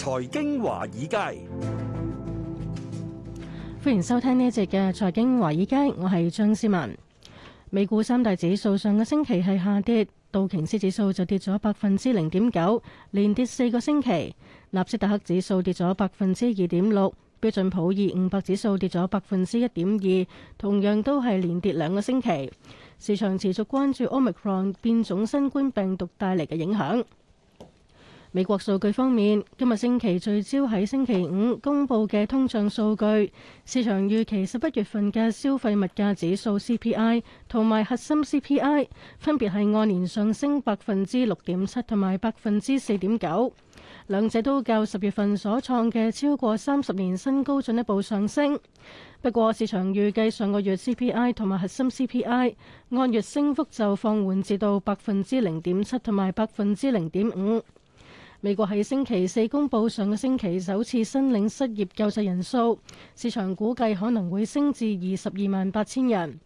財經華爾街，歡迎收聽呢一節嘅財經華爾街，我係張思文。美股三大指數上個星期係下跌，道瓊斯指數就跌咗百分之零點九，連跌四個星期；納斯達克指數跌咗百分之二點六，標準普爾五百指數跌咗百分之一點二，同樣都係連跌兩個星期。市場持續關注 Omicron 變種新冠病毒帶嚟嘅影響。美國數據方面，今日星期聚焦喺星期五公布嘅通脹數據。市場預期十一月份嘅消費物價指數 CPI 同埋核心 CPI 分別係按年上升百分之六點七同埋百分之四點九，兩者都較十月份所創嘅超過三十年新高進一步上升。不過，市場預計上個月 CPI 同埋核心 CPI 按月升幅就放緩至到百分之零點七同埋百分之零點五。美國喺星期四公布上個星期首次申領失業救濟人數，市場估計可能會升至二十二萬八千人。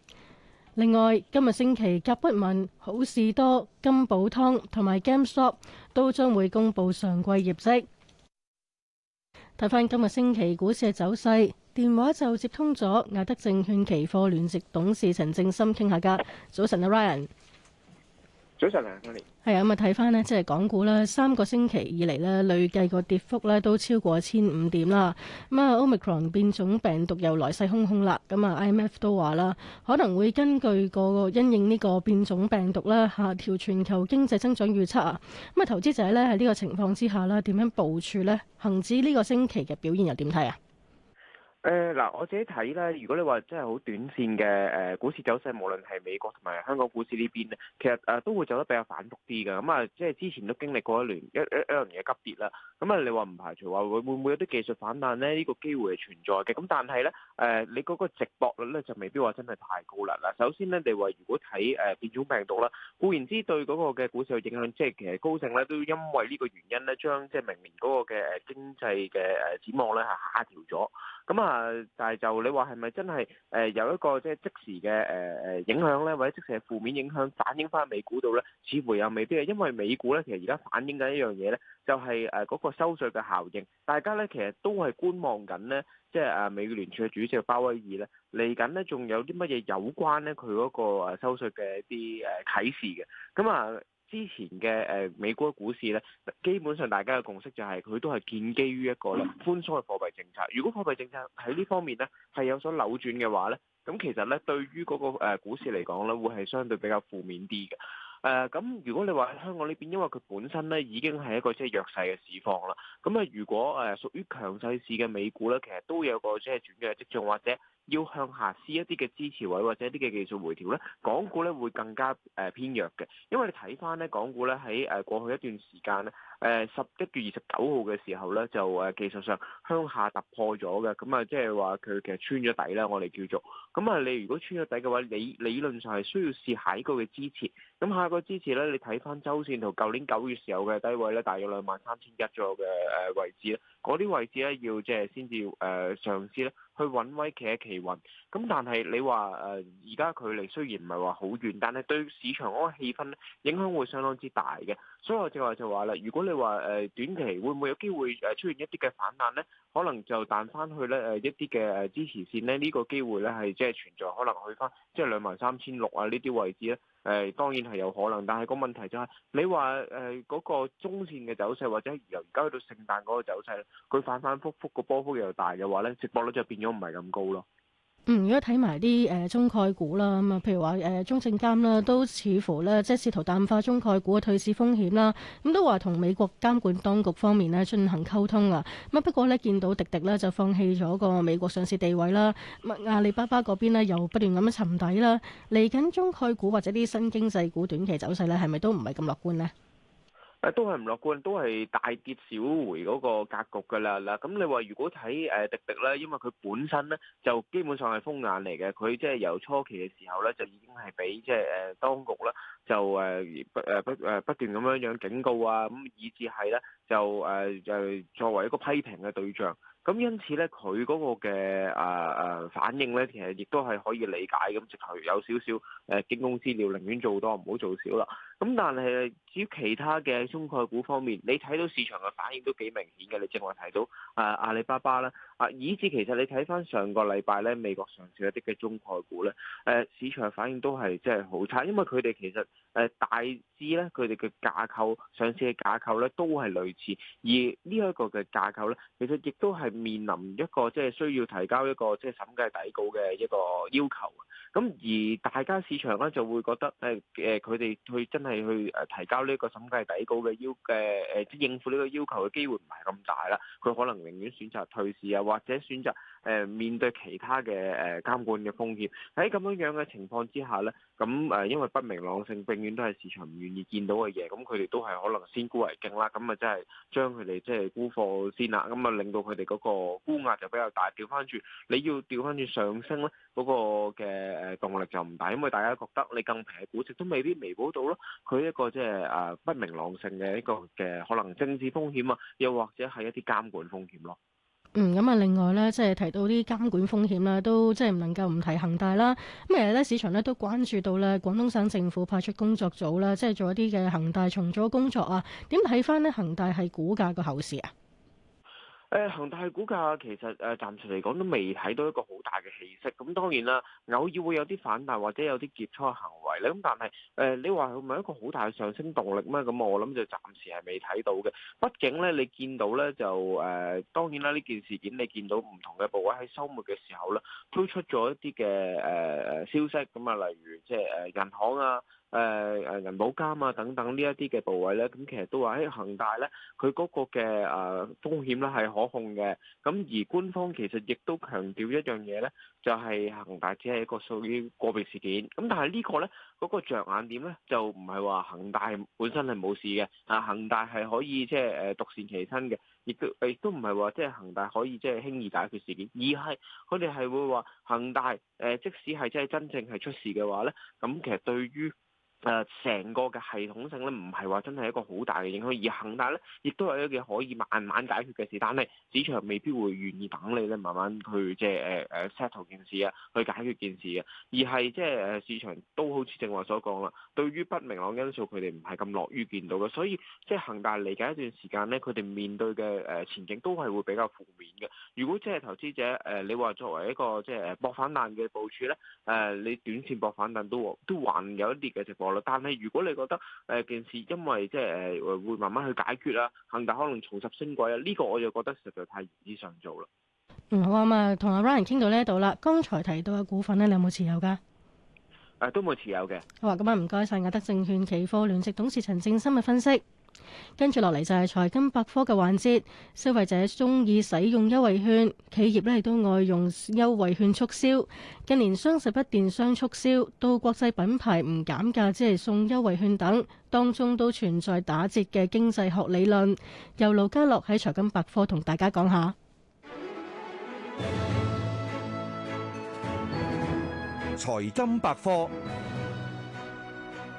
另外，今日星期甲骨文、好事多、金寶湯同埋 GameStop 都將會公布上季業績。睇返今日星期股市嘅走勢，電話就接通咗亞德證券期貨聯席董事陳正心傾下偈。早晨啊，Ryan。早晨啊，阿李，係啊，咁啊睇翻呢，即係港股啦，三個星期以嚟呢，累計個跌幅呢都超過千五點啦。咁啊，Omicron 變種病毒又來勢洶洶啦。咁啊，IMF 都話啦，可能會根據個因應呢個變種病毒啦，下調全球經濟增長預測啊。咁啊，投資者呢喺呢個情況之下呢，點樣部署呢？恒指呢個星期嘅表現又點睇啊？誒、呃、嗱，我自己睇咧，如果你話真係好短線嘅誒股市走勢，無論係美國同埋香港股市呢邊咧，其實誒都會走得比較反復啲嘅。咁、嗯、啊，即係之前都經歷過一輪一一一輪嘅急跌啦。咁、嗯、啊，你話唔排除話會會唔會有啲技術反彈咧？呢、這個機會係存在嘅。咁但係咧，誒、呃、你嗰個值博率咧就未必話真係太高啦。嗱，首先咧，你話如果睇誒、呃、變種病毒啦，固然之對嗰個嘅股市有影響，即係其實高盛咧都因為呢個原因咧，將即係明年嗰個嘅經濟嘅展望咧係下調咗。咁啊，但係就你話係咪真係誒有一個即係即時嘅誒誒影響咧，或者即時嘅負面影響反映翻美股度咧，似乎又未必係，因為美股咧其實而家反映緊一樣嘢咧，就係誒嗰個收稅嘅效應，大家咧其實都係觀望緊咧，即係誒美聯儲嘅主席鮑威爾咧嚟緊咧，仲有啲乜嘢有關咧佢嗰個誒收稅嘅一啲誒啟示嘅，咁啊。之前嘅誒、呃、美國股，股市咧，基本上大家嘅共識就係佢都係建基於一個咧寬鬆嘅貨幣政策。如果貨幣政策喺呢方面咧係有所扭轉嘅話咧，咁其實咧對於嗰、那個、呃、股市嚟講咧，會係相對比較負面啲嘅。誒、呃、咁，如果你話喺香港呢邊，因為佢本身咧已經係一個即係弱勢嘅市況啦。咁啊，如果誒屬於強勢市嘅美股咧，其實都有一個即係轉弱嘅跡象，或者要向下試一啲嘅支持位，或者一啲嘅技術回調咧，港股咧會更加誒、呃、偏弱嘅。因為你睇翻咧，港股咧喺誒過去一段時間咧，誒十一月二十九號嘅時候咧，就誒、呃、技術上向下突破咗嘅，咁啊即係話佢其實穿咗底啦，我哋叫做。咁啊，你如果穿咗底嘅話，你理理論上係需要試下一個嘅支持，咁下一個支持咧，你睇翻周線圖，舊年九月時候嘅低位咧，大約兩萬三千一左右嘅誒位置。嗰啲位置咧，要即係先至誒嘗試咧，去穩威企喺奇雲。咁但係你話誒而家距離雖然唔係話好遠，但係對市場嗰個氣氛咧影響會相當之大嘅。所以我正話就話啦，如果你話誒短期會唔會有機會誒出現一啲嘅反彈咧？可能就彈翻去咧誒一啲嘅誒支持線咧，呢、呢個機會咧係即係存在，可能去翻即係兩萬三千六啊呢啲位置咧誒、呃、當然係有可能，但係個問題就係、係、你話誒嗰個中線嘅走勢，或者由而家去到聖誕嗰個走勢咧。佢反反覆覆個波幅又大嘅話呢，接駁率就變咗唔係咁高咯。嗯，如果睇埋啲誒中概股啦，咁啊，譬如話誒中證監啦，都似乎呢，即係試圖淡化中概股嘅退市風險啦，咁都話同美國監管當局方面呢進行溝通啊。咁不過呢，見到滴滴呢就放棄咗個美國上市地位啦，咁阿里巴巴嗰邊呢又不斷咁樣沉底啦，嚟緊中概股或者啲新經濟股短期走勢呢，係咪都唔係咁樂觀呢？都係唔樂觀，都係大跌小回嗰個格局㗎啦啦。咁你話如果睇誒、呃、迪滴咧，因為佢本身咧就基本上係風眼嚟嘅，佢即係由初期嘅時候咧就已經係俾即係誒當局咧就誒不誒不誒不，不斷咁樣樣警告啊，咁以至係咧就誒誒、呃、作為一個批評嘅對象。咁因此咧，佢嗰個嘅啊啊反應咧，其實亦都係可以理解咁，直頭有少少誒驚弓之鳥，寧願做多唔好做少啦。咁但係至於其他嘅中概股方面，你睇到市場嘅反應都幾明顯嘅，你正話睇到啊、呃、阿里巴巴啦。啊，以至其實你睇翻上個禮拜咧，美國上市的一啲嘅中概股咧，誒市場反應都係即係好差，因為佢哋其實誒大致咧，佢哋嘅架構上市嘅架構咧都係類似，而呢一個嘅架構咧，其實亦都係面臨一個即係需要提交一個即係審計底稿嘅一個要求。咁而大家市場咧就會覺得誒誒，佢哋去真係去誒提交呢個審計底稿嘅要嘅誒，即係應付呢個要求嘅機會唔係咁大啦。佢可能寧願選擇退市啊。或者選擇誒面對其他嘅誒監管嘅風險，喺咁樣樣嘅情況之下呢，咁誒因為不明朗性永遠都係市場唔願意見到嘅嘢，咁佢哋都係可能先沽為敬啦。咁啊，即係將佢哋即係沽貨先啦。咁啊，令到佢哋嗰個沽壓就比較大。調翻轉，你要調翻轉上升呢嗰、那個嘅誒動力就唔大，因為大家覺得你更平嘅估值都未必彌補到咯。佢一個即係誒不明朗性嘅一個嘅可能政治風險啊，又或者係一啲監管風險咯。嗯，咁啊，另外咧，即係提到啲監管風險啦，都即係唔能夠唔提恒大啦。咁而家咧，市場咧都關注到咧，廣東省政府派出工作組啦，即係做一啲嘅恒大重組工作啊。點睇翻咧，恒大係股價個後市？啊？誒，恒大股價其實，誒暫時嚟講都未睇到一個好大嘅起色，咁當然啦，偶爾會有啲反彈或者有啲結束行為咧，咁但係誒你話係咪一個好大嘅上升動力咧？咁我諗就暫時係未睇到嘅，畢竟咧你見到咧，就誒、呃、當然啦，呢件事件你見到唔同嘅部委喺收尾嘅時候咧推出咗一啲嘅誒消息，咁、呃、啊，例如即係誒銀行啊。誒、呃、誒，銀保監啊等等呢一啲嘅部委咧，咁其實都話喺恒大咧，佢嗰個嘅誒、呃、風險咧係可控嘅。咁而官方其實亦都強調一樣嘢咧，就係、是、恒大只係一個屬於個別事件。咁但係呢、那個咧，嗰個着眼點咧，就唔係話恒大本身係冇事嘅。啊，恒大係可以即係誒獨善其身嘅，亦都亦都唔係話即係恒大可以即係輕易解決事件，而係佢哋係會話恒大誒、呃，即使係即係真正係出事嘅話咧，咁其實對於誒成個嘅系統性咧，唔係話真係一個好大嘅影響，而恒大咧亦都係一件可以慢慢解決嘅事。但係市場未必會願意等你咧，慢慢去即係誒誒 settle 件事啊，去解決件事嘅。而係即係誒市場都好似正話所講啦，對於不明朗因素，佢哋唔係咁樂於見到嘅。所以即係恒大嚟緊一段時間咧，佢哋面對嘅誒前景都係會比較負面嘅。如果即係投資者誒、呃，你話作為一個即係誒博反彈嘅部署咧，誒、呃、你短線博反彈都都還有一啲嘅直播。就是但係如果你覺得誒件、呃、事因為即係誒會慢慢去解決啦，恒大可能重拾升軌啊，呢、這個我就覺得實在太言之尚早啦。嗯，好啊嘛，同、嗯、阿 Ryan 傾到呢一度啦。剛才提到嘅股份咧，你有冇持有噶？誒、呃，都冇持有嘅。好啊，咁、嗯、啊，唔該晒，亞德證券期貨聯席董事陳正深嘅分析。跟住落嚟就係財金百科嘅環節。消費者中意使用優惠券，企業咧都愛用優惠券促銷。近年雙十一電商促銷，到國際品牌唔減價，只係送優惠券，等當中都存在打折嘅經濟學理論。由盧家樂喺財金百科同大家講下。財金百科。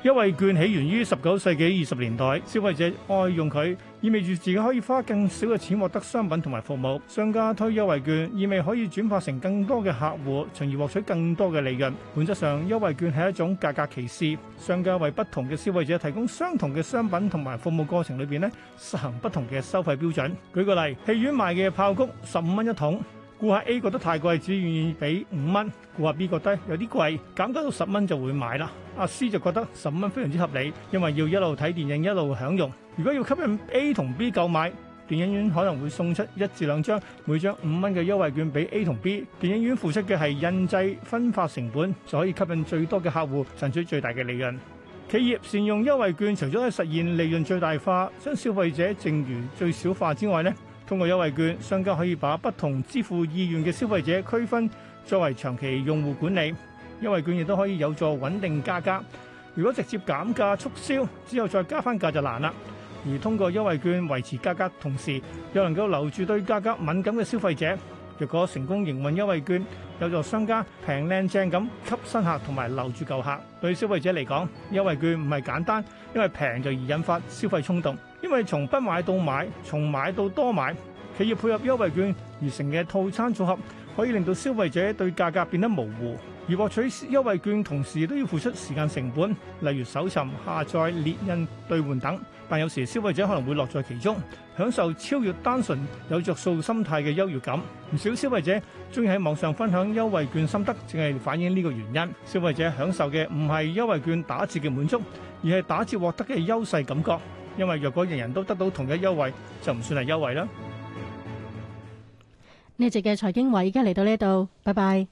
優惠券起源於十九世紀二十年代，消費者愛用佢，意味住自己可以花更少嘅錢獲得商品同埋服務。商家推優惠券，意味可以轉化成更多嘅客戶，從而獲取更多嘅利潤。本質上，優惠券係一種價格歧視，商家為不同嘅消費者提供相同嘅商品同埋服務過程裏邊呢，實行不同嘅收費標準。舉個例，戲院賣嘅爆谷十五蚊一桶。顧客 A 覺得太貴，只願意俾五蚊；顧客 B 覺得有啲貴，減低到十蚊就會買啦。阿 C 就覺得十蚊非常之合理，因為要一路睇電影一路享用。如果要吸引 A 同 B 購買，電影院可能會送出一至兩張每張五蚊嘅優惠券俾 A 同 B。電影院付出嘅係印製分發成本，就可以吸引最多嘅客戶，賺取最大嘅利潤。企業善用優惠券，除咗實現利潤最大化、將消費者剩餘最小化之外，呢通過優惠券，商家可以把不同支付意願嘅消費者區分，作為長期用戶管理。優惠券亦都可以有助穩定價格。如果直接減價促銷，之後再加返價就難啦。而通過優惠券維持價格，同時又能夠留住對價格敏感嘅消費者。若果成功營運優惠券，有助商家平靚正咁吸新客同埋留住舊客。對消費者嚟講，優惠券唔係簡單，因為平就易而引發消費衝動。因為從不買到買，從買到多買，企業配合優惠券而成嘅套餐組合，可以令到消費者對價格變得模糊。而獲取優惠券同時都要付出時間成本，例如搜尋、下載、列印、兌換等。但有時消費者可能會樂在其中，享受超越單純有着數心態嘅優越感。唔少消費者中意喺網上分享優惠券心得，淨係反映呢個原因。消費者享受嘅唔係優惠券打折嘅滿足，而係打折獲得嘅優勢感覺。因為若果人人都得到同一優惠，就唔算係優惠啦。呢集嘅財經話依家嚟到呢度，拜拜。